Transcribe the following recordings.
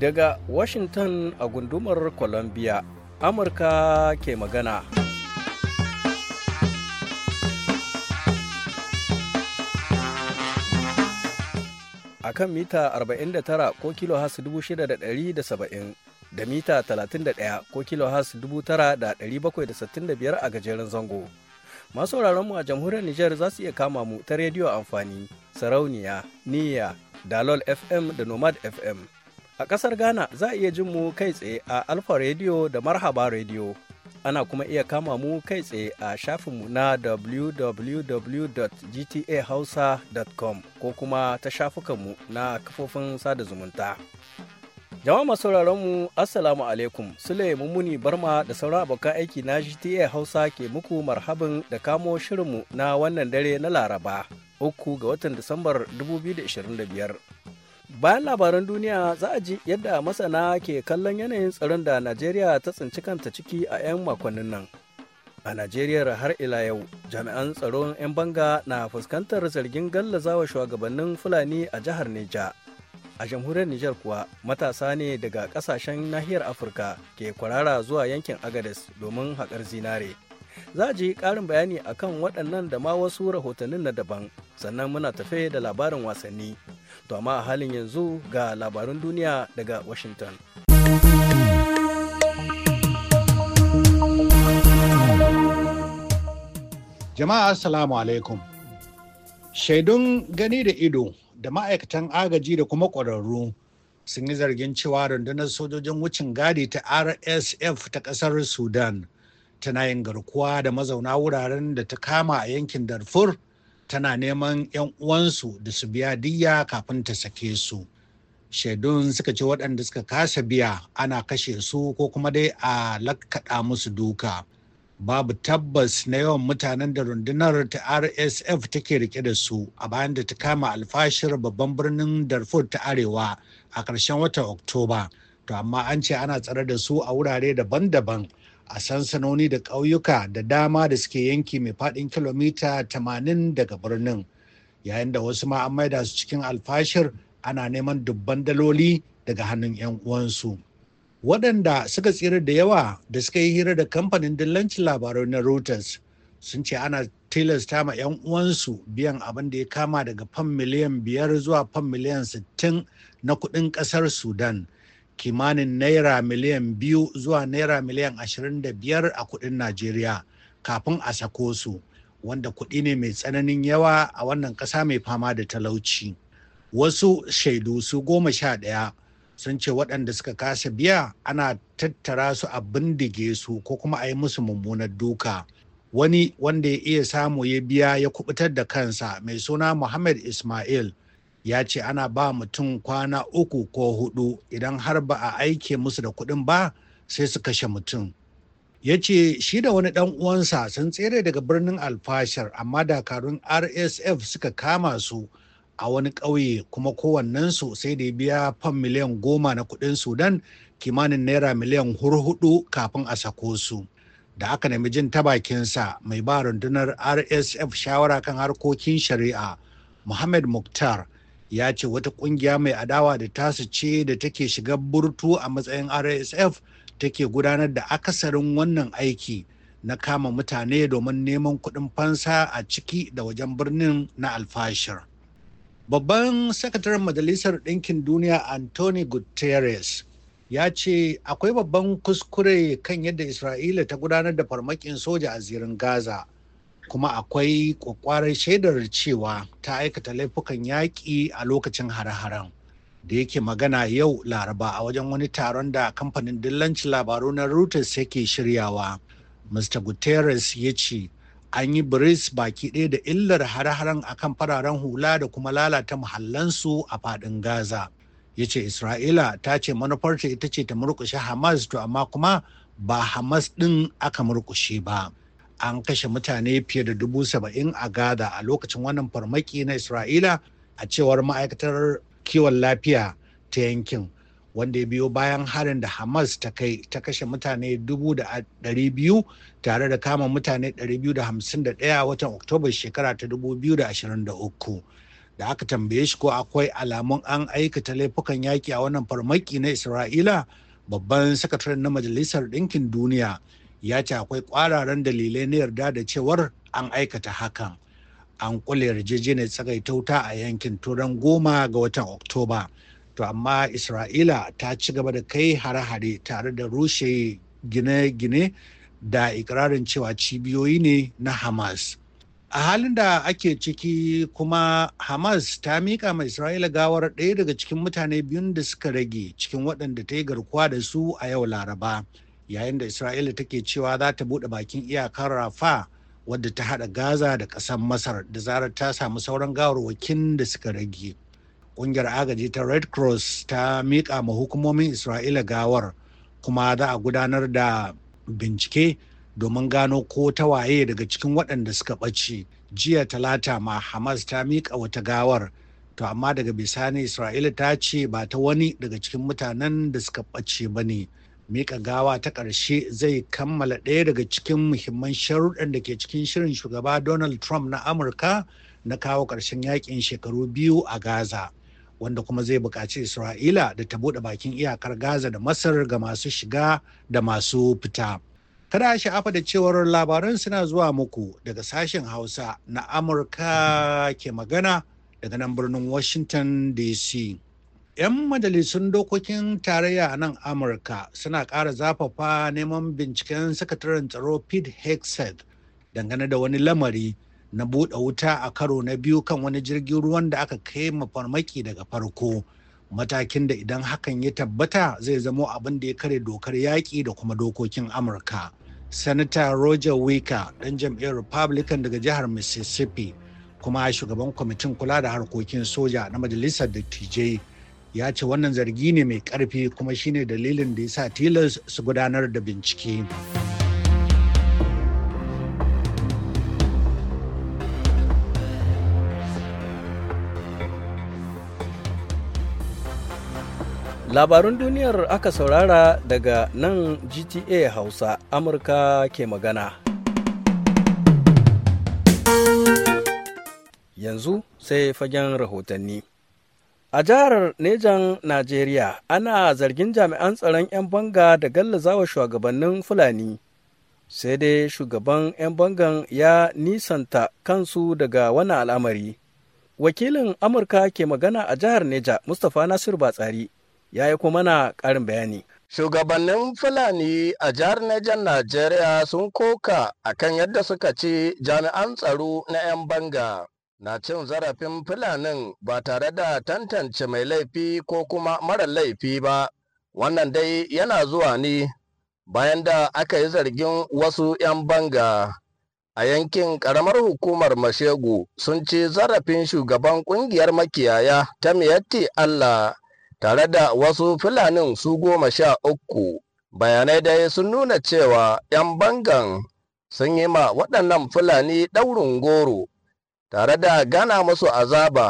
Daga Washington a gundumar Columbia, Amurka ke magana. A kan mita 49 ko kilo hasu 6,670 da mita 31 ko kilo hasu 9,765 a gajeren zango. Masu mu a jamhuriyar Nijar za su iya kama mu ta rediyo amfani, sarauniya, niya dalol FM da nomad FM. A ƙasar Ghana za a iya jin mu kai tsaye a Alfa rediyo da Marhaba rediyo Ana kuma iya kama mu kai tsaye a shafinmu na www.gtahausa.com ko kuma ta shafukanmu na kafofin sada zumunta. Jama'a masu mu Assalamu alaikum. Sule Mummuni Barma da sauran abokan aiki na GTA Hausa ke muku marhabin da kamo shirinmu na wannan dare na Laraba, uku ga watan Disambar 2025. Bayan labaran duniya za a ji yadda masana ke kallon yanayin tsaron da Najeriya ta tsinci kanta ciki a 'yan makonnin nan. A Najeriya har ila yau, jami'an tsaron 'yan banga na fuskantar zargin gallazawa shugabannin Fulani a jihar Neja. a jamhuriyar Nijar kuwa matasa ne daga kasashen nahiyar Afirka ke kwarara zuwa yankin Agades domin haƙar zinare. Za ji ƙarin bayani akan waɗannan da ma wasu rahotannin na daban sannan muna tafe da labarin wasanni. To amma a halin yanzu ga labarin duniya daga Washington. Jama'a Assalamu alaikum. Shaidun gani da ido da ma'aikatan agaji da kuma ƙwararru sun yi zargin cewa rundunar sojojin wucin gadi ta rsf ta ƙasar sudan tana yin garkuwa da mazauna wuraren da ta kama a yankin darfur tana neman 'yan uwansu da su biya diyya kafin ta sake su shaidun suka ce waɗanda suka kasa biya ana kashe su ko kuma dai a lakkaɗa musu duka babu tabbas na yawan mutanen da rundunar ta rsf take rike da su a bayan da ta kama alfashir babban birnin darfur ta arewa a ƙarshen watan oktoba to amma an ce ana tsare da su a wurare daban-daban a sansanoni da ƙauyuka da dama da suke yanki mai faɗin kilomita 80 daga birnin yayin da wasu ma an maida su cikin alfashir ana neman dubban daloli daga hannun 'yan uwansu. waɗanda suka tsira da yawa da suka yi hira da kamfanin dillancin labarai na reuters sun ce ana tilasta ma 'yan uwansu biyan abin da ya kama daga fam miliyan biyar zuwa fam miliyan sittin na kuɗin ƙasar sudan kimanin naira miliyan biyu zuwa naira miliyan ashirin da biyar a kuɗin najeriya kafin a sako su wanda kuɗi ne mai tsananin yawa a wannan ƙasa mai fama da talauci wasu shaidu su goma sha ɗaya sun ce waɗanda suka kasa biya ana tattara su a bindige su ko kuma a yi musu mummunar duka wani wanda ya iya samu ya biya ya kubutar da kansa mai suna muhammad ismail ya ce ana ba mutum kwana uku ko hudu idan har ba a aike musu da kuɗin ba sai su kashe mutum ya ce shi da wani ɗan uwansa sun tsere daga birnin alfashar amma dakarun rsf suka kama su a wani ƙauye kuma kowannensu sai da ya biya fam miliyan goma na kuɗin sudan kimanin naira miliyan hurhudu kafin a sako su da aka nemi jin ta bakinsa mai ba rundunar rsf shawara kan harkokin shari'a muhammad muktar ya ce wata ƙungiya mai adawa da tasu ce da take shiga burtu a matsayin rsf take gudanar da akasarin wannan aiki na kama mutane domin neman kuɗin fansa a ciki da wajen birnin na alfashir Babban sakataren Majalisar Ɗinkin Duniya Anthony Guterres ya ce akwai babban kuskure kan yadda Isra'ila ta gudanar da farmakin soja a zirin Gaza. Kuma akwai kwakwarar shaidar cewa ta aikata laifukan yaƙi a lokacin hare-haren. da yake magana yau laraba a wajen wani taron da kamfanin dillancin labaru na Reuters yake shiryawa. Mr. Guterres ya ce an yi biris baki ɗaya da illar har-haren akan fararen hula da kuma lalata muhallansu a faɗin gaza ya ce isra'ila ta ce manufarta ita ce ta murkushe hamas to amma kuma ba hamas ɗin aka murkushe ba an kashe mutane fiye da dubu saba'in a gaza a lokacin wannan farmaki na isra'ila a cewar ma'aikatar kiwon lafiya ta yankin wanda ya biyo bayan harin da hamas ta kai ta kashe mutane 200,000 tare da kama mutane 251 watan oktoba shekara ta 2023 da aka tambaye shi ko akwai alamun an aikata laifukan yaƙi a wannan farmaki na isra'ila babban sakataren na majalisar ɗinkin duniya ya ce akwai ƙwararren dalilai na yarda da cewar an aikata hakan an ƙule yarjejeniyar tsagaitauta a yankin turan goma ga watan oktoba to amma isra'ila ta ci gaba da kai hare-hare tare da rushe gine-gine da ikirarin cewa cibiyoyi ne na hamas a halin da ake ciki kuma hamas ta miƙa ma isra'ila gawar ɗaya daga cikin mutane biyun da suka rage cikin waɗanda ta yi garkuwa da su a yau laraba yayin da isra'ila take cewa za ta buɗe bakin iyakar rafa wadda ta haɗa gaza da ƙasar masar da zarar ta samu sauran gawarwakin da suka rage kungiyar agaji ta red cross ta miƙa ma hukumomin isra'ila gawar kuma za a gudanar da bincike domin gano ko ta waye daga cikin waɗanda suka ɓace jiya talata ma hamas ta miƙa wata gawar to amma daga bisani isra'ila ta ce ba ta wani daga cikin mutanen da suka ɓace ba ne miƙa gawa ta ƙarshe zai kammala ɗaya daga cikin muhimman sharuɗan da ke cikin shirin shugaba donald trump na amurka na kawo ƙarshen yakin shekaru biyu a gaza wanda kuma zai buƙaci Isra'ila da ta buɗe bakin iyakar Gaza da Masar ga masu shiga da masu fita. Kada sha'afa da cewar labaran suna zuwa muku daga sashen Hausa na Amurka ke magana daga nan birnin Washington DC. 'Yan majalisun dokokin tarayya a nan Amurka suna ƙara zafafa neman binciken sakataren tsaro Pete Hegseth dangane da wani lamari na buɗe wuta a karo na biyu kan wani jirgin ruwan da aka kai mafarmaki daga farko matakin da idan hakan ya tabbata zai zamo abin da ya kare dokar yaƙi da kuma dokokin amurka sanata roger wika ɗan jam'iyyar republican daga jihar mississippi kuma shugaban kwamitin kula da harkokin soja na majalisar dattijai ya ce wannan zargi ne mai ƙarfi kuma shine dalilin da ya sa tilas su gudanar da bincike. labarun duniyar aka saurara daga nan gta hausa amurka ke magana yanzu sai fagen rahotanni a jihar nejan najeriya ana zargin jami'an tsaron 'yan banga da gallazawa shugabannin fulani sai dai shugaban 'yan bangan ya nisanta kansu daga wani al'amari wakilin amurka ke magana a jihar neja mustapha nasiru batsari ya yi kuma na ƙarin bayani. Shugabannin Fulani a jihar Nijar Najeriya sun koka a kan yadda suka ci jami'an tsaro na 'yan banga na cin zarafin Fulanin ba tare da tantance mai laifi ko kuma mara laifi ba. Wannan dai yana zuwa ne bayan da aka yi zargin wasu 'yan banga a yankin ƙaramar hukumar Mashegu sun ci zarafin shugaban ƙungiyar makiyaya ta Miyatti Allah tare da wasu fulanin su goma sha uku bayanai dai sun nuna cewa 'yan bangan sun yi ma waɗannan fulani ɗaurin goro tare da gana musu azaba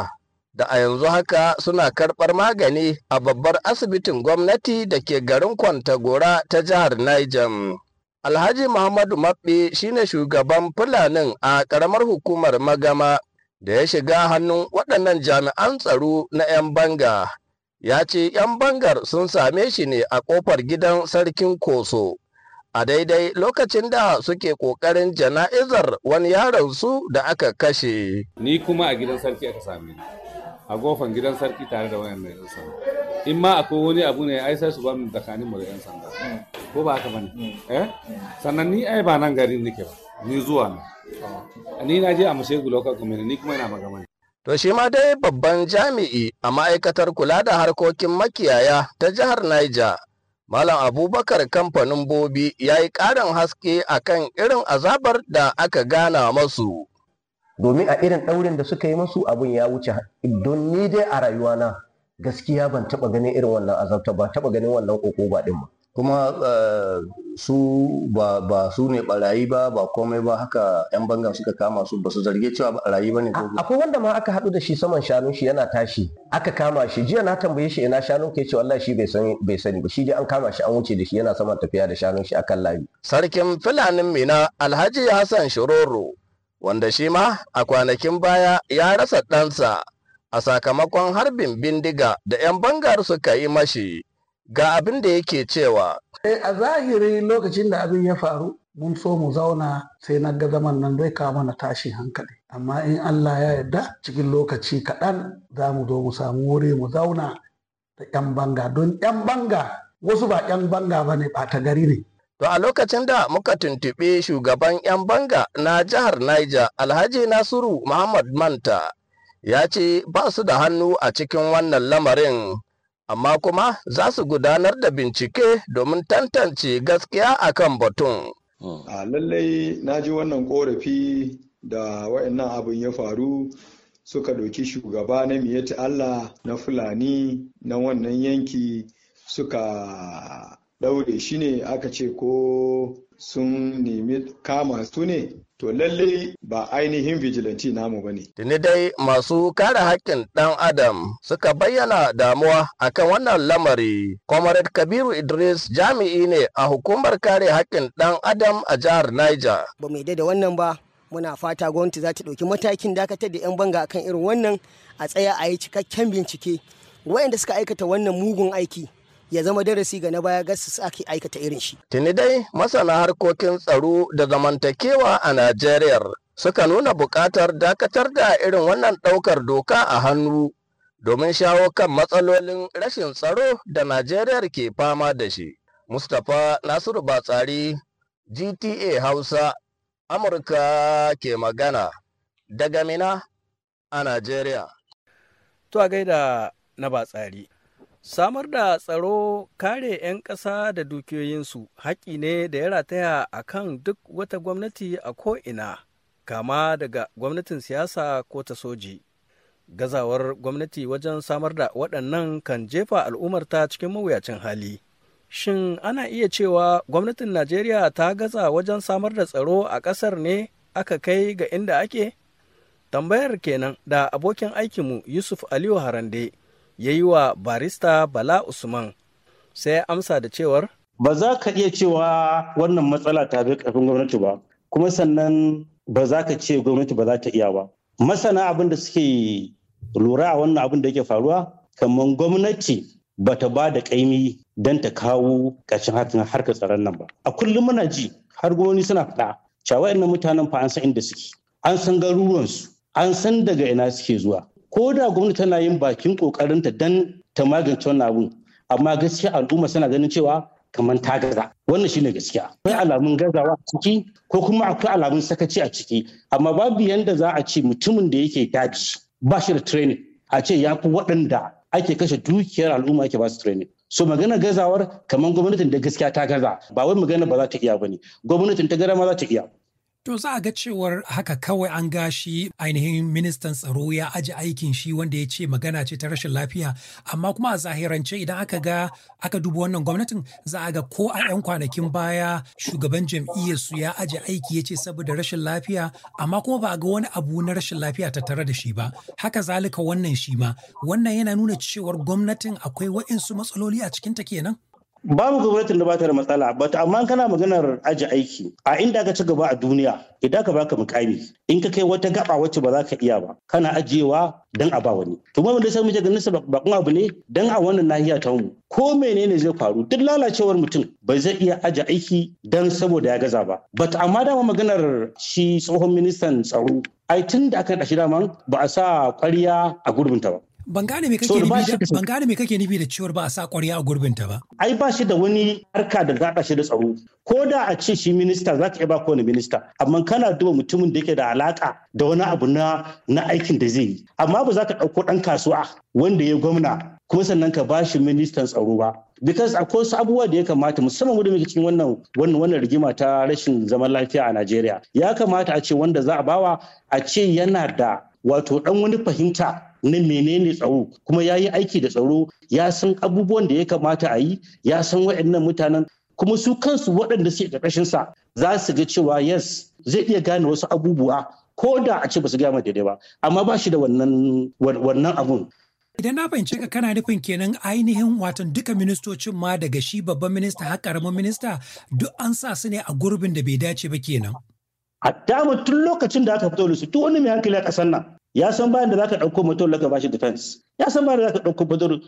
da a yanzu haka suna karɓar magani a babbar asibitin gwamnati da ke garin kwantagora ta jihar niger alhaji muhammadu maɓe shine shugaban fulanin a ƙaramar hukumar magama da ya shiga hannun waɗannan jami'an tsaro na 'yan banga ya ce 'yan bangar sun same shi ne a kofar gidan sarkin koso a daidai lokacin da suke kokarin jana'izar wani yaron su da aka kashe. Ni kuma a gidan sarki aka same ni, a gofan gidan sarki tare da wayan mai yansa In ma akwai wani abu ne ai sai su ba mu tsakanin mu da 'yan sanda. Ko ba haka bane? Eh? Sannan ni ai ba nan garin nake ba, ni zuwa na. Ni na je a Mushegu gulokar kuma ni kuma ina magana. To shi ma dai babban jami'i a ma'aikatar kula da harkokin makiyaya ta jihar Niger, Malam Abubakar kamfanin Bobi ya yi ƙarin haske a kan irin azabar da aka gana masu. Domin a irin ɗaurin da suka yi masu abun ya wuce don ni dai a rayuwana gaskiya ban taɓa ganin irin wannan azabta ba taɓa ganin wannan ƙoƙo ba ɗin ba. kuma eh, su ba su ne barayi ba ba komai ba haka yan banga suka kama su ba su zarge cewa barayi ba ne akwai wanda ma aka haɗu da shi saman shanu shi yana tashi aka kama shi jiya na tambaye shi ina shanu ke ce wallahi shi bai sani ba shi dai an kama shi an wuce da shi yana saman tafiya da shanun shi akan layi sarkin filanin mina alhaji hassan shiroro wanda shi ma a kwanakin baya ya rasa ɗansa a sakamakon harbin bindiga da 'yan bangar suka yi mashi ga abin da yake cewa. Eh, a zahiri lokacin da abin ya faru, mun so mu zauna sai na ga zaman nan zai kawo mana tashin hankali. Amma in Allah ya yarda cikin lokaci kaɗan za mu zo mu samu wuri mu zauna da 'yan banga don 'yan banga wasu ba 'yan banga ba ne ɓata gari ne. To a lokacin da muka tuntuɓi shugaban 'yan banga na jihar Niger Alhaji Nasiru Muhammad Manta ya ce ba su da hannu a cikin wannan lamarin. amma kuma za su gudanar da bincike domin tantance gaskiya a kan batun. A lallai na ji wannan korafi da wa'annan abin ya faru suka ɗauki shugaba na miyati Allah na Fulani na wannan yanki suka ɗaure shi ne aka ce ko sun nemi kama su ne to lalle ba ainihin vigilanti namu ba ne. Tuni dai masu kare haƙƙin ɗan adam suka bayyana damuwa akan wannan lamari. Comrade Kabiru Idris jami'i ne a hukumar kare haƙƙin ɗan adam a jihar Niger. Ba mu da wannan ba muna fata gwamnati za ta ɗauki matakin dakatar da 'yan banga akan irin wannan a tsaya a yi cikakken bincike. Wayanda suka aikata wannan mugun aiki ya zama darasi ga na baya ga su sake aikata irin shi. Tuni dai masana harkokin tsaro da zamantakewa a Najeriya suka nuna buƙatar dakatar da irin wannan ɗaukar doka a hannu domin shawo kan matsalolin rashin tsaro da Najeriya ke fama da shi. Mustapha Nasiru Batsari, GTA Hausa, Amurka ke magana daga Mina a Najeriya. To a gaida na Batsari. Samar da tsaro kare 'yan ƙasa da dukiyoyinsu haƙƙi ne da ya rataya a kan duk wata gwamnati a ko'ina, kama daga gwamnatin siyasa ko ta soji. Gazawar gwamnati wajen samar da waɗannan kan jefa al'ummarta cikin mawuyacin hali. Shin ana iya cewa gwamnatin Najeriya ta gaza wajen samar da tsaro a ƙasar ne aka kai ga inda ake? Tambayar kenan da abokin aikinmu Yusuf Aliyu Harande. ya yi wa barista Bala Usman sai amsa da cewar ba za ka iya cewa wannan matsala ta bi ƙarfin gwamnati ba kuma sannan ba za ka ce gwamnati ba za ta iya ba masana abin da suke lura a wannan abin da yake faruwa kamar gwamnati ba ta ba da ƙaimi don ta kawo ƙarshen harkar harkar tsaron nan ba a kullum muna ji har gwamnati suna faɗa cewa mutanen fa an san inda suke an san garuruwansu an san daga ina suke zuwa ko da gwamnati tana yin bakin kokarinta dan ta magance wannan abu amma gaskiya al'umma suna ganin cewa kamar ta gaza wannan shine gaskiya akwai alamun gazawa a ciki ko kuma akwai alamun sakaci a ciki amma babu yanda za a ce mutumin da yake daji ba shi da training a ce ya fi waɗanda ake kashe dukiyar al'umma ake ba su training so magana gazawar kamar gwamnatin da gaskiya ta gaza ba wai magana ba za ta iya ba ne gwamnatin ta gara ma za ta iya To za a ga cewar haka kawai an gashi ainihin ministan tsaro ya aji aikin shi wanda ya ce magana ce ta rashin lafiya amma kuma a zahirance idan aka ga aka dubi wannan gwamnatin za a ga ko a 'yan kwanakin baya shugaban jam'iyyar su ya aji aiki ya ce saboda rashin lafiya amma kuma ba a ga wani abu na rashin lafiya ta tare da shi ba haka zalika wannan shi ma wannan yana nuna cewar gwamnatin akwai waɗansu matsaloli a cikin cikinta kenan. babu gwamnatin da ta da matsala but amma kana maganar aji aiki a inda aka ci gaba a duniya idan ka baka mukami in ka kai wata gaba wacce ba za ka iya ba kana ajiyewa dan a ba wani to mu da sai mu je ganin sa bakon abu ne dan a wannan nahiya ta mu ko menene zai faru duk lalacewar mutum Bai zai iya aji aiki dan saboda ya gaza ba but amma dama maganar shi tsohon ministan tsaro ai tun da aka dashi daman ba a sa kwariya a gurbinta ba Ban gane me kake nufi da ban da cewar ba a sa ƙwarya a gurbin ta ba. Ai ba shi da wani harka da gaɗa shi da tsaro. Ko da a ce shi minista za ka iya ba kowane minista amma kana duba mutumin da yake da alaƙa da wani abu na na aikin da zai yi. Amma ba za ka ɗauko ɗan kasuwa wanda ya gwamna kuma sannan ka ba shi ministan tsaro ba. Bikas akwai wasu abubuwa da ya kamata musamman mu da muke cikin wannan wannan rigima ta rashin zaman lafiya a Najeriya. Ya kamata a ce wanda za a bawa a ce yana da wato ɗan wani fahimta na menene tsaro kuma ya yi aiki da tsaro ya san abubuwan da ya kamata a yi ya san waɗannan mutanen kuma su kansu waɗanda suke ƙarƙashin sa za su ga cewa yes zai iya gane wasu abubuwa ko da a ce ba su gama daidai ba amma ba shi da wannan abun Idan na fahimce ka kana nufin kenan ainihin watan duka ministocin ma daga shi babban minista har karamin minista duk an sa su ne a gurbin da bai dace ba kenan. A dama tun lokacin da aka fito da su tun wani mai hankali a ƙasar nan ya san bayan da zaka dauko motor laka bashi defense ya san bayan da zaka ka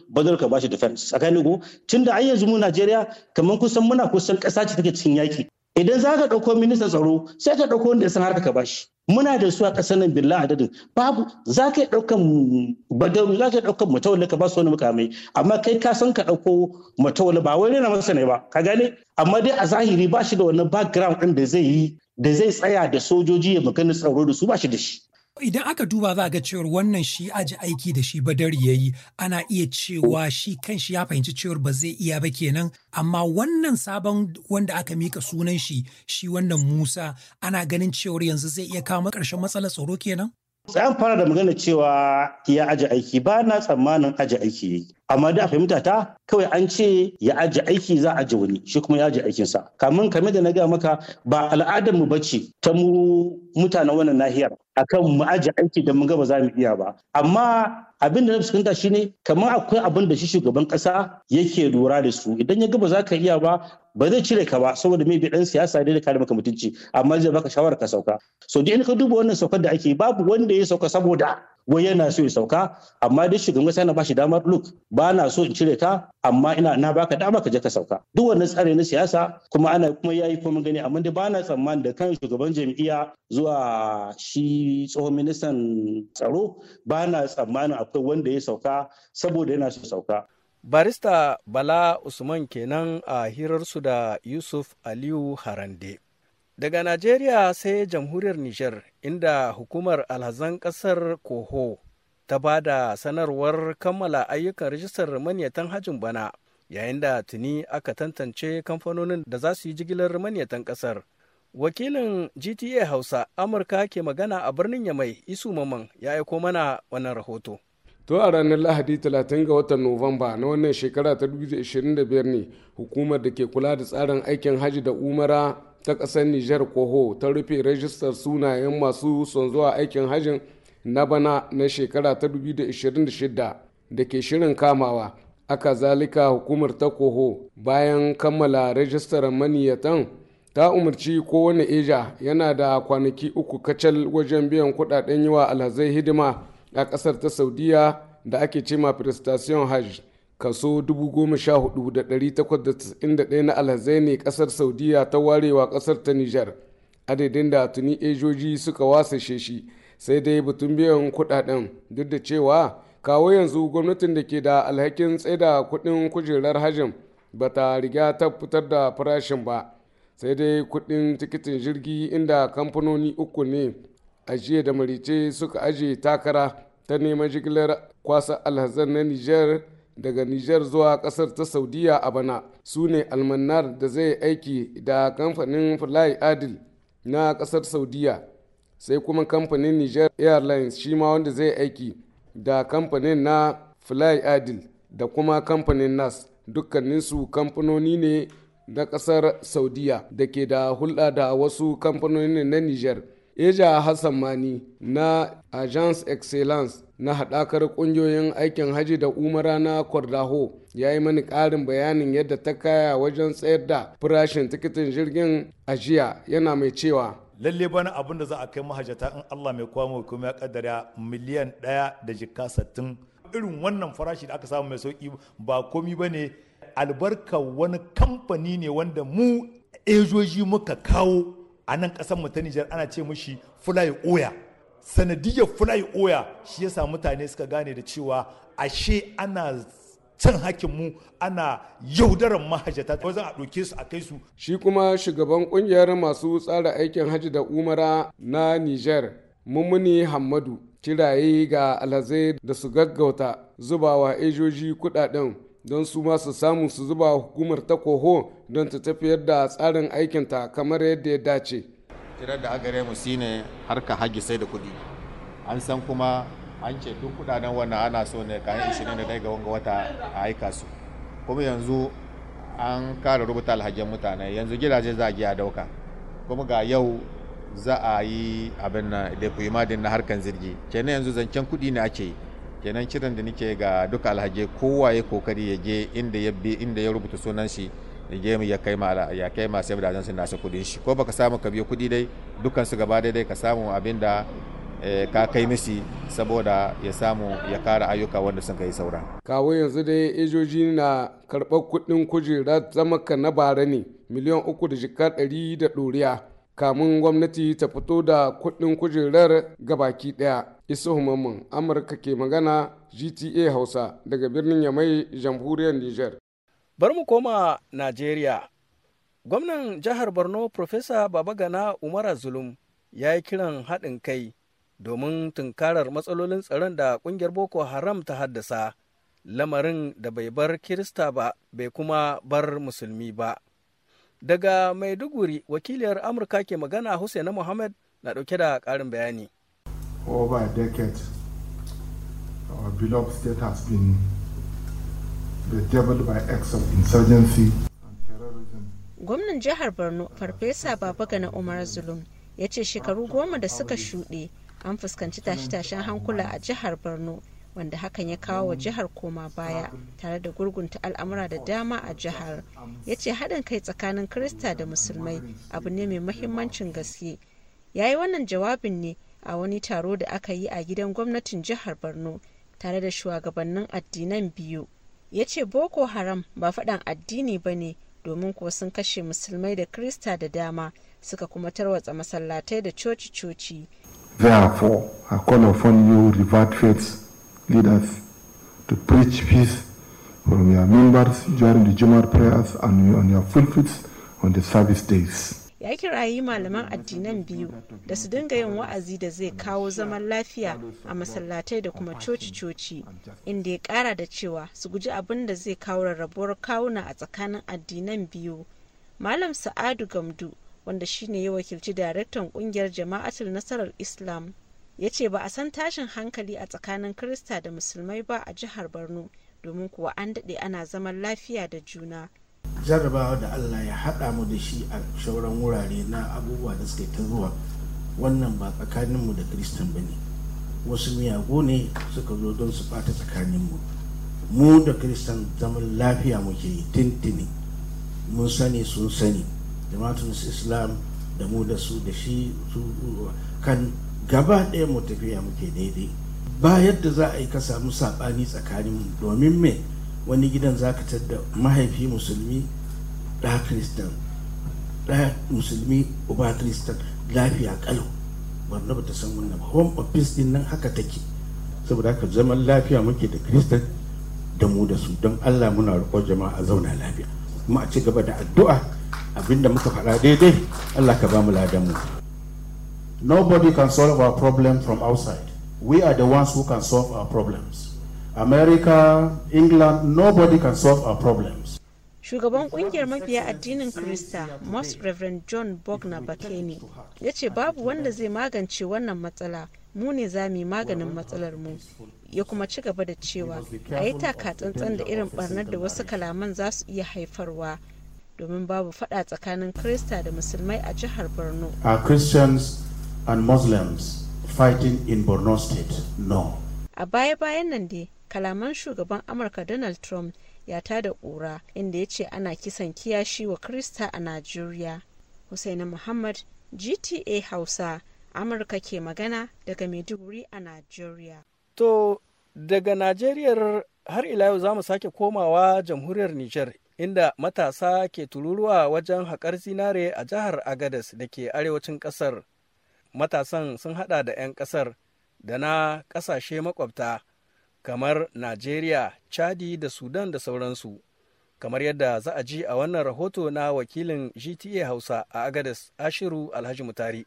badar ka bashi defense tsakanin tun da an yanzu mu Najeriya kaman kusan muna kusan kasa ce take cikin yaki idan zaka ɗauko ministan tsaro sai ka ɗauko wanda ya san harka ka bashi muna da su a ƙasar nan billah adadin babu za ka yi ɗaukan badaru za ka yi ɗaukan matawali ka ba su wani mukamai amma kai ka san ka ɗauko matawali ba wai rena masa ne ba ka gane amma dai a zahiri ba shi da wani background ɗin da zai yi da zai tsaya da sojoji ya magana tsaro da su ba shi da shi Idan aka duba za a ga cewar wannan shi aji aiki da shi badari ya yi ana iya cewa shi kan shi ya fahimci cewar ba zai iya ba kenan amma wannan sabon wanda aka mika sunan shi shi wannan Musa ana ganin cewar yanzu zai iya kawo ƙarshen matsalar tsaro kenan? Sai an fara da magana cewa ya aji aiki ba na tsammanin aji aiki amma da fahimta ta kawai an ce ya aji aiki za a ji wani shi kuma ya aji aikinsa kamin kamar da na gaya maka ba al'adar mu bace ta mu mutanen wannan nahiyar akan mu aji aiki da mun ga ba za mu iya ba amma abin da na fuskanta shine kamar akwai abin da shi shugaban kasa yake lura da su idan ya ga ba za ka iya ba ba zai cire ka ba saboda mai dan siyasa ne da kare maka mutunci amma zai baka shawara ka sauka so duk in ka duba wannan saukar da ake babu wanda ya sauka saboda wai yana so ya sauka amma duk shugaban kasa yana ba shi damar look ba na so in cire ka amma ina na baka dama ka je ka sauka duk wannan tsare na siyasa kuma ana kuma yayi kuma gani amma dai ba na tsammani da kan shugaban jam'iyya zuwa shi tsohon ministan tsaro ba na tsammanin akwai wanda ya sauka saboda yana so sauka barista bala usman kenan a hirarsu da yusuf aliyu harande Daga Najeriya sai jamhuriyar Nijar inda hukumar alhazan ƙasar Koho ta ba da sanarwar kammala ayyukan rijistar manyatan hajin bana yayin da tuni aka tantance kamfanonin da za su yi jigilar manyatan ƙasar. Wakilin GTA Hausa Amurka ke magana a birnin Yamai Isu Maman ya aiko mana wannan rahoto. to a ranar lahadi 30 ga watan nuwamba na wannan shekara ta 2025 ne hukumar da ke kula da tsarin aikin hajji da umara ta ƙasar Nijar Koho ta rufe rajistar sunayen masu son zuwa aikin hajjin na bana na shekara ta 2026 da ke shirin kamawa. Aka zalika hukumar ta Koho bayan kammala rajistar maniyatan ta umarci kowane eja yana da kwanaki uku kacal wajen biyan kudaden yi wa alhazai hidima a ƙasar ta Saudiya da ake cema prestation hajj. kaso 14,891 na alhazai ne kasar saudiya ta warewa kasar ta nijar adadin da tuni ejoji suka wasashe shi sai dai batun biyan kudaden duk da cewa kawo yanzu gwamnatin da ke da alhakin tsaida kudin kujerar hajjin ba ta riga ta fitar da farashin ba sai dai kudin tikitin jirgi inda kamfanoni uku ne a da marice suka ajiye takara ta neman jigilar kwasa alhazan na nijar daga Nijar zuwa kasar ta Saudiya a bana su ne almanar da zai aiki da kamfanin Fly Adil na kasar Saudiya sai kuma kamfanin Niger Airlines shi ma wanda zai aiki da kamfanin na Fly Adil da kuma kamfanin NAS dukkaninsu kamfanoni ne na kasar Saudiya da ke da hulɗa da wasu kamfanoni na Niger. Eja Hassan Mani na Agence Excellence na haɗakar ƙungiyoyin aikin haji da umara na Kordaho ya yi mani karin bayanin yadda ta kaya wajen tsayar da farashin tikitin jirgin ajiya yana mai cewa. Lalle bana abin da za a kai mahajata in Allah mai kwamo kuma ya kaddara miliyan ɗaya da jika sattin irin wannan farashi da aka samu mai sauƙi ba komi ba ne albarka wani kamfani ne wanda mu ejoji muka kawo a nan ƙasar mu ta Nijar ana ce mushi fulayi oya sanadiyar fulayi oya shi yasa mutane suka gane da cewa ashe ana cin mu ana yaudarar mahajjata wajen a ɗauke su a kai su. Shi kuma shugaban kungiyar masu tsara aikin hajji da umara na Nijar, Mummuni hamadu kiraye ga alhazai da su gaggauta zubawa ejoji kudaden. don su masu samun su zuba hukumar ta koho don ta tafiyar da tsarin aikinta kamar yadda ya dace tirar da agare mu shine harka haji sai da kuɗi an san kuma an ce duk kudaden wannan ana so ne kayan dai ga wanga wata a aika su kuma yanzu an kara rubuta alhakin mutane yanzu gidaje za a giya dauka kuma ga yau za a yi abin na da na harkan zirgi kenan yanzu zancen kuɗi ne ake yi kenan kiran da nake ga duka alhaji kowa ya kokari ya je inda ya bi inda ya rubuta sunan shi ya je ya kai ma ya kai ma sai da nasu kudin shi ko baka samu ka biyo kudi dai dukkan su gaba dai ka samu abin da eh, ka kai mishi saboda ya samu ya kara ayyuka wanda sun kai saura. Kawo yanzu dai ejoji na karɓar kuɗin kujera zamaka na bara ne miliyan uku da jikar ɗari da ɗoriya kamun gwamnati ta fito da kuɗin kujerar gabaki ɗaya. isa Amurka ke magana GTA Hausa daga birnin Yamai jamhuriyar Nijar. Bar mu koma Najeriya. Gwamnan jihar Borno Profesa Gana Umara Zulum ya yi kiran haɗin kai domin tunkarar matsalolin tsaron da ƙungiyar Boko Haram ta haddasa, lamarin da bai bar Kirista ba bai kuma bar Musulmi ba. Daga Maiduguri, wakiliyar Amurka ke magana Hussaina Muhammad na ɗauke da ƙarin bayani. for over a decade, our beloved state has been bedeviled by acts of insurgency and terrorism. Gwamnan jihar Borno Farfesa na Umar Zulum ya ce shekaru goma da suka shuɗe an fuskanci tashe-tashen hankula a jihar Borno wanda hakan ya kawo wa jihar koma baya tare da gurgunta al'amura da dama a jihar ya ce haɗin kai tsakanin krista da musulmai abu ne mai mahimmancin gaske ya yi wannan jawabin ne a wani taro da aka yi a gidan gwamnatin jihar borno tare da shugabannin addinan biyu ya ce boko haram ba faɗan addini ba ne domin kuwa sun kashe musulmai da krista da dama suka kuma tarwatsa masallatai da coci-coci therefore i call upon you to preach peace from your members during the Jummah prayers and on your on the service days. ya kirayi malaman addinan biyu da su dinga yin wa'azi da zai kawo zaman lafiya a masallatai da kuma coci-coci inda ya kara da cewa su guji abin da zai kawo rarrabuwar kawuna a tsakanin addinan biyu malam sa'adu gamdu wanda shine ya wakilci daraktan kungiyar jama'atul nasarar islam ya ce ba a san tashin hankali a tsakanin kirista da musulmai ba a jihar borno domin kuwa an daɗe ana zaman lafiya da juna jarrabawa da allah ya haɗa mu da shi a shauran wurare na abubuwa da suke ta zuwa wannan ba tsakaninmu da kristan ba ne wasu miyagu ne suka zo don su ɓata tsakaninmu mu da kristan zaman lafiya muke yi tintini mun sani sun sani jama'atun islam da mu da su da shi su kan gaba ɗaya mu tafiya muke daidai ba yadda za a yi ka samu saɓani tsakaninmu domin me wani gidan za ka tadda mahaifi musulmi ɗa kristan ɗa musulmi uba kristan lafiya kalau wanda ba ta san wannan ba home office din nan haka take saboda haka zaman lafiya muke da kristan da mu da su don allah muna roƙon jama'a a zauna lafiya kuma a ci gaba da addu'a abinda muka faɗa daidai allah ka ba mu ladan mu nobody can solve our problem from outside we are the ones who can solve our problems America, England, nobody can solve our problems. Shugaban kungiyar mafiya addinin Krista, Most Reverend John Bogner Bakeni, ya ce babu wanda zai magance wannan matsala, mu ne za mu yi maganin matsalar mu. Ya kuma ci gaba da cewa, a yi taka tsantsan da irin barnar da wasu kalaman za su iya haifarwa. domin babu fada tsakanin Krista da Musulmai a jihar Borno. Are Christians and Muslims fighting in Borno state? No. A baya-bayan nan dai, kalaman shugaban amurka donald trump ya tada kura inda ya ce ana kisan kiyashi wa krista a najeriya (Husainin muhammad gta hausa amurka ke magana daga maiduguri a najeriya to daga najeriyar har ila yau za mu sake komawa jamhuriyar nijar inda matasa ke tururuwa wajen haƙar zinare a jihar agadas da ke arewacin ƙasar matasan sun hada da 'yan ƙasar da na ƙasashe makwabta kamar Najeriya, Chadi da Sudan da sauransu. Kamar yadda za a ji a wannan rahoto na wakilin GTA Hausa a Agadis, Ashiru Alhaji Mutari.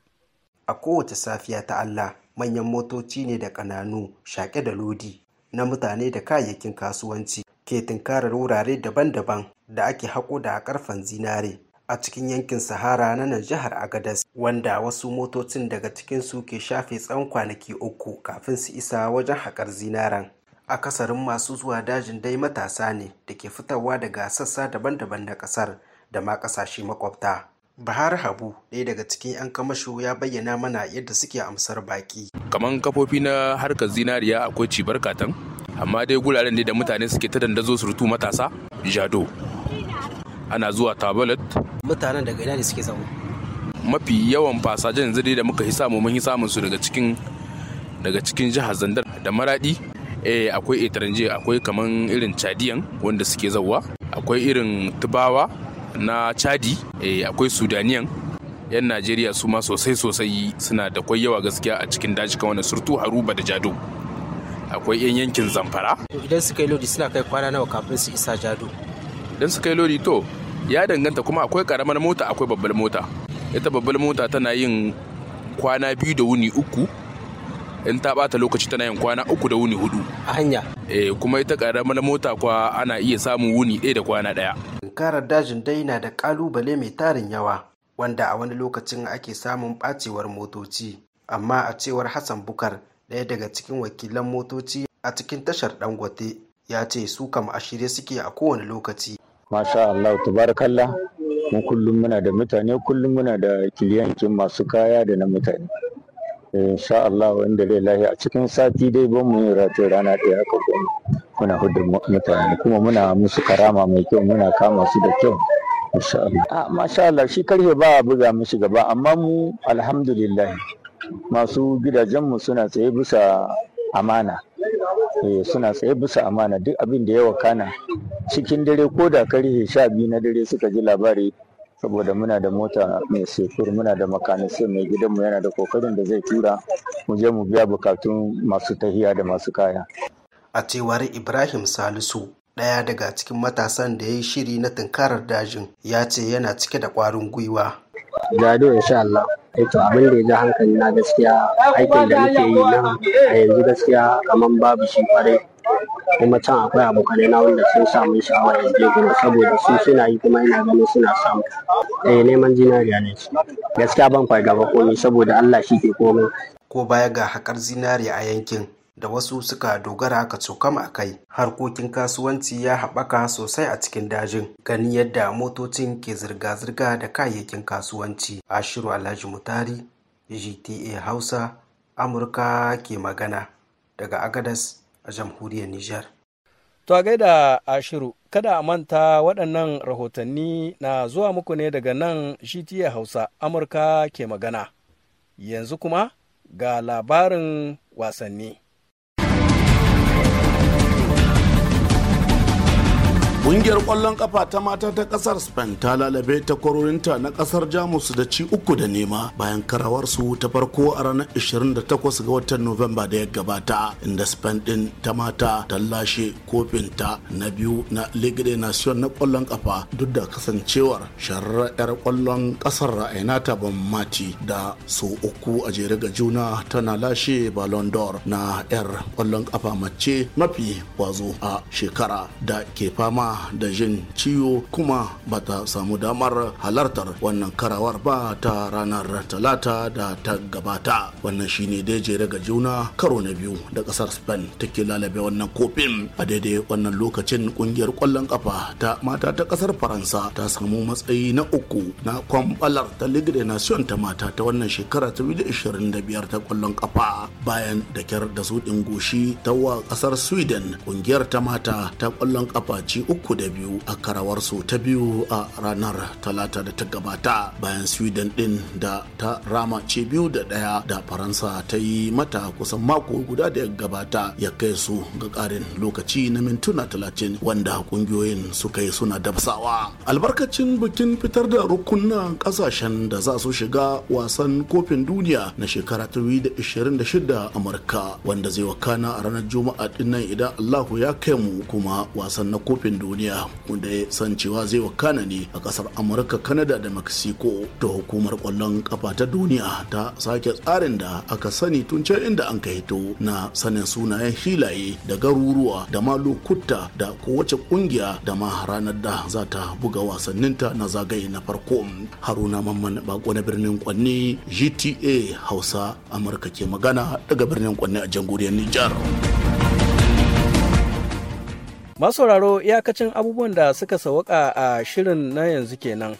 A kowace safiya ta Allah manyan motoci ne da ƙananu shaƙe da lodi na mutane da kayayyakin kasuwanci ke tunkarar wurare daban-daban da ake haƙo da ƙarfen zinare a cikin yankin sahara na nan jihar agadas wanda wasu motocin daga cikin su ke shafe tsawon kwanaki uku kafin su isa wajen haƙar zinaren akasarin masu zuwa dajin dai matasa ne da ke fitowa daga sassa daban-daban na kasar da ma kasashe makwabta bahar habu ɗaya daga cikin 'yan kamasho ya bayyana mana yadda suke amsar baki kamar kafofi na harkar zinariya akwai cibar katan amma dai guraren ne da mutane suke ta dandazo surutu matasa jado ana zuwa tabalet mutanen daga ina ne suke zama. mafi yawan fasajen yanzu dai da muka hisa mu mun hisa su daga cikin daga cikin jihar zandar da maradi eh akwai etranje akwai kaman irin chadiyan wanda suke zawa akwai irin tubawa na chadi eh akwai sudaniyan yan najeriya su ma sosai sosai suna da kwai yawa gaskiya a cikin daji kan wani surtu haruba da jado akwai yan yankin zamfara idan suka yi lodi suna kai kwana nawa kafin su isa jado idan suka yi lodi to ya danganta kuma akwai karamar mota akwai babbar mota ita babbar mota tana yin kwana biyu da wuni uku in ta bata lokaci tana yin kwana uku da wuni hudu a hanya eh kuma ita karamar mota kwa ana iya samun wuni ɗaya da kwana ɗaya tunkarar dajin dai na da kalubale mai tarin yawa wanda a wani lokacin ake samun bacewar motoci amma a cewar hassan bukar ɗaya daga cikin wakilan motoci a cikin tashar dangote ya ce su kam a shirye suke a kowane lokaci masha allah tabarakallah mu kullum muna da mutane kullum muna da kiliyancin masu kaya da na mutane insha Allah wanda zai lahi a cikin sati dai ban mu ratin rana ɗaya haka kuma muna hudu mutane kuma muna musu karama mai kyau muna kama su da kyau insha Allah ah, masha Allah shi karfe ba a buga mashi gaba amma mu alhamdulillah masu gidajenmu suna tsaye bisa amana eh, suna tsaye bisa amana duk abin da ya Kana. cikin dare ko da karfe sha biyu na dare suka ji labari saboda muna da mota mai sefur muna da makanisi mai gidanmu yana da kokarin da zai tura mu je mu biya bukatun masu tahiya da masu kaya a cewar ibrahim salisu ɗaya daga cikin matasan da ya yi shiri na tunkarar dajin ya ce yana cike da ƙwarin gwiwa jado insha Allah aikin eh abin da ya ji hankali na gaskiya aikin da muke yi nan a yanzu gaskiya kamar babu shi kwarai kuma can akwai abokanai na wanda sun samu sha'awa ya je gurin saboda su suna yi kuma ina ganin suna samu eh neman zinariya ne gaskiya ban kwai gaba komai saboda Allah shi ke komai ko baya ga haƙar zinari a yankin da wasu suka dogara aka cokama a kai harkokin kasuwanci ya haɓaka sosai a cikin dajin gani yadda motocin ke zirga-zirga da kayayyakin kasuwanci ashiru alhaji mutari gta hausa amurka ke magana daga agadas a jamhuriyar Nijar. To a gaida Ashiru, kada a manta waɗannan rahotanni na zuwa muku ne daga nan shitiya Hausa Amurka ke magana. Yanzu kuma ga labarin wasanni. Kungiyar ƙwallon ƙafa ta mata ta ƙasar Spain ta lalabe ta kwarorinta na ƙasar Jamus da ci uku da nema bayan karawar su ta farko a ranar 28 ga watan Nuwamba da ya gabata inda Spain din ta mata ta lashe kofinta na biyu na Ligue de Nation na kwallon ƙafa duk da kasancewar 'yar ƙwallon ƙasar ban mati da so uku a jere ga juna tana lashe Ballon d'Or na 'yar ƙwallon ƙafa mace mafi kwazo a shekara da ke fama da jin ciwo kuma ba ta samu damar halartar wannan karawar ba ta ranar talata da ta gabata wannan shine dai jere ga juna karo na biyu da kasar spain take lalabe wannan kofin a daidai wannan lokacin kungiyar kwallon kafa ta mata ta kasar faransa ta samu matsayi na uku na kwambalar ta ligue nation ta mata ta wannan shekara ta 2025 ta kwallon kafa bayan da kyar da su ɗin goshi ta wa kasar sweden kungiyar ta mata ta kwallon kafa ci uku uku da biyu a karawarsu ta biyu a ranar talata da ta gabata bayan sweden din da ta rama ce biyu da daya da faransa ta yi mata kusan mako guda da ya gabata ya kai su ga karin lokaci na mintuna talatin wanda kungiyoyin suka yi suna dabsawa albarkacin bikin fitar da rukunan kasashen da za su shiga wasan kofin duniya na shekara 2026 amurka wanda zai wakana a ranar juma'a dinnan idan allahu ya kai mu kuma wasan na kofin duniya duniya wanda ya san cewa zai wakana ne a kasar amurka kanada da mexico da hukumar kwallon kafa ta duniya ta sake tsarin da aka sani tun can inda an ka hito na sanin sunayen hilaye da garuruwa da ma lokuta da kowace kungiya da ma ranar da za ta buga wasanninta na zagaye na farko haruna mamman bako na birnin kwanne gta hausa amurka ke magana daga birnin kwanne a jamhuriyar nijar Masu masauraro iyakacin abubuwan da suka sawaka a shirin na yanzu kenan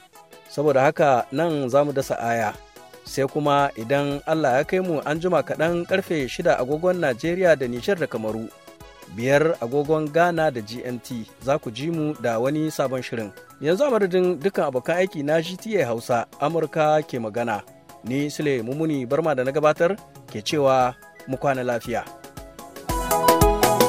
saboda haka nan za mu dasa aya sai kuma idan allah ya kai mu an jima kaɗan karfe shida agogon najeriya da nijar da kamaru biyar agogon ghana da gmt za ku ji mu da wani sabon shirin yanzu a madadin dukkan abokan aiki na gta hausa amurka ke magana ni sule mumuni barma da na gabatar ke cewa mu kwana lafiya